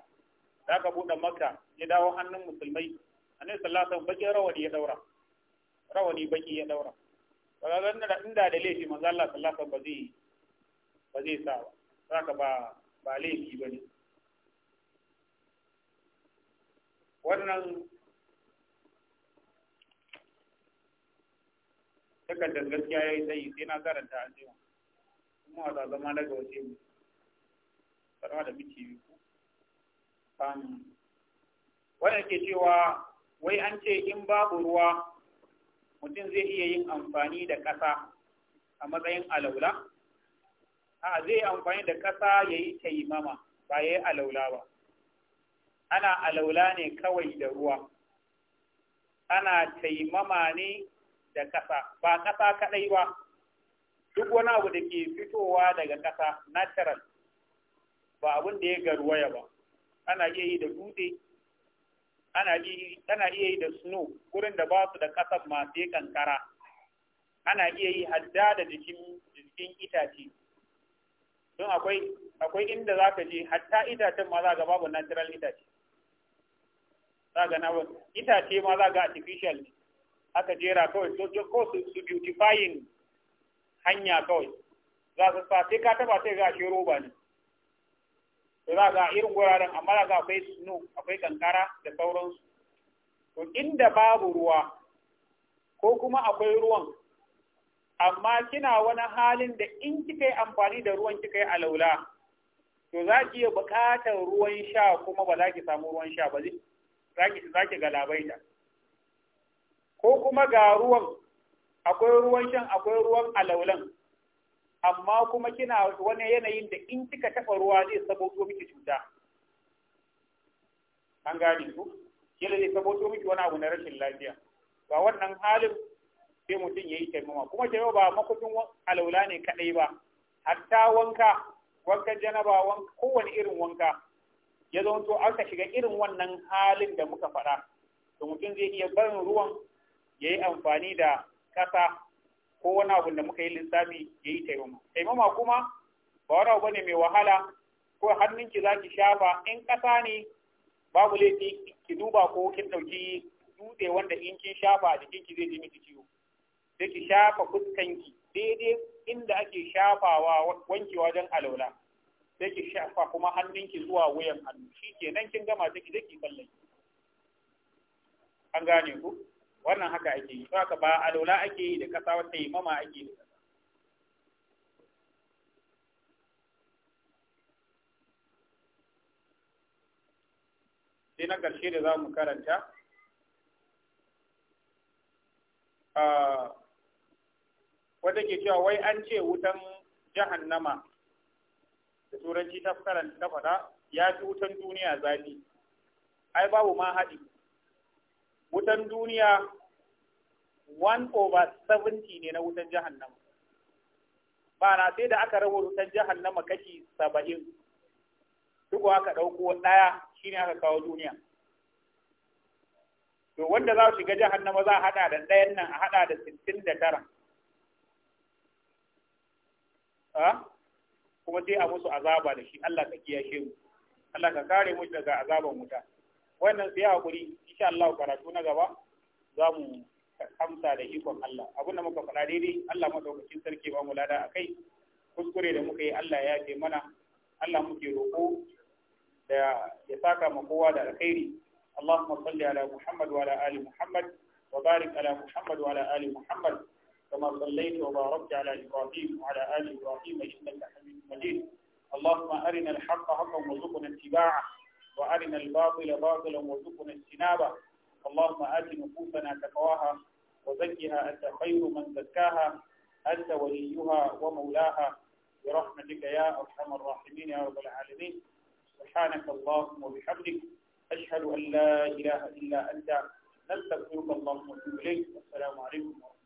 da aka buɗe makka ya dawo hannun musulmai annabi sallallahu alaihi wasallam baki rawani ya daura rawani baki ya daura kaga da inda da laifi manzo Allah sallallahu alaihi wasallam ba zai ba zai sa ba ba ba laifi bane wannan takardar gaskiya ya yi tsayi sai na karanta a cewa kuma wata zama daga waje mu sarwa da miki biyu wanda ke cewa wai an ce in babu ruwa mutum zai iya yin amfani da ƙasa a matsayin alaula a zai amfani da ƙasa ya yi taimama ba ya yi alaula ba ana alaula ne kawai da ruwa ana taimama ne da ƙasa ba ƙasa kaɗai ba duk wani abu da ke fitowa daga ƙasa natural ba abin da ya garwaya ba ana iya yi da dutse ana iya yi da snow gurin da ba su da ƙasan masu kankara ana iya yi hadda da jikin itace don akwai inda za ka je hatta itacen ma za ga babu natural itace za ga na itace ma za ga artificial ne aka jera kawai sojo ko su beautifying hanya kawai za su sa sai ka taba sai ga shi roba ne to za ga irin wuraren amma za ga akwai snow akwai kankara da sauransu to inda babu ruwa ko kuma akwai ruwan amma kina wani halin da in kika yi amfani da ruwan kika yi alaula to za ki iya buƙatar ruwan sha kuma ba za ki samu ruwan sha ba zai za ki ta. ko kuma ga ruwan akwai ruwan shan akwai ruwan alaulan amma kuma kina wani yanayin da in kika taɓa ruwa zai saboto miki cuta an gane ku kila zai saboto miki wani abu na rashin lafiya ba wannan halin sai mutum ya yi taimama kuma ke ba makwafin alaula ne kaɗai ba hatta wanka wankan janaba kowane irin wanka ya zama to aka shiga irin wannan halin da muka faɗa to mutum zai iya barin ruwan ya yi amfani da ƙasa ko wani abu da muka yi lissafi ya yi taimama taimama kuma ba wani abu ne mai wahala ko hannunki za ki shafa in ƙasa ne babu laifi ki duba ko kin ɗauki dutse wanda in kin shafa a jikinki zai ji miki ciwo sai ki shafa fuskanki daidai inda ake shafawa wankewa wajen alaula sai ki shafa kuma hannunki zuwa wuyan hannu shi ke nan kin gama ta ki je ki an gane ku wannan haka ake yi saka ba alola ake yi da kasa wata yi mama ake yi da sai na ƙarshe da za mu karanta ah, wata ke cewa wai an ce wutan jahannama da turanci ta karanta ta faɗa ya fi wutan duniya zafi ai babu ma haɗi wutan duniya 1 over 70 ne na wutan jahannama ba na sai da aka raba wutan jahannama kashi 70 duk aka ɗauko ɗaya shine aka kawo duniya to wanda za su shiga jahannama za a hada da ɗayan nan a hada da 69 a ah? kuma sai a musu azaba da shi Allah ka kiyashe mu Allah ka kare mu daga azaban wuta wannan sai hakuri insha Allah karatu na gaba za mu amsa da ikon Allah abin da muka faɗa daidai Allah madaukakin sarki ba mu lada akai kuskure da muka yi Allah ya ce mana Allah muke roƙo da ya saka ma kowa da alkhairi Allahumma salli ala Muhammad wa ala ali Muhammad wa barik ala Muhammad wa ala Muhammad كما صليت وباركت على إبراهيم وعلى آل إبراهيم إنك حميد مجيد اللهم أرنا الحق حقا وارزقنا اتباعه وأرنا الباطل باطلا وارزقنا اجتنابه اللهم آت نفوسنا تقواها وزكها أنت خير من زكاها أنت وليها ومولاها برحمتك يا أرحم الراحمين يا رب العالمين سبحانك اللهم وبحمدك أشهد أن لا إله إلا أنت نستغفرك اللهم وأتوب إليك والسلام عليكم ورحمة الله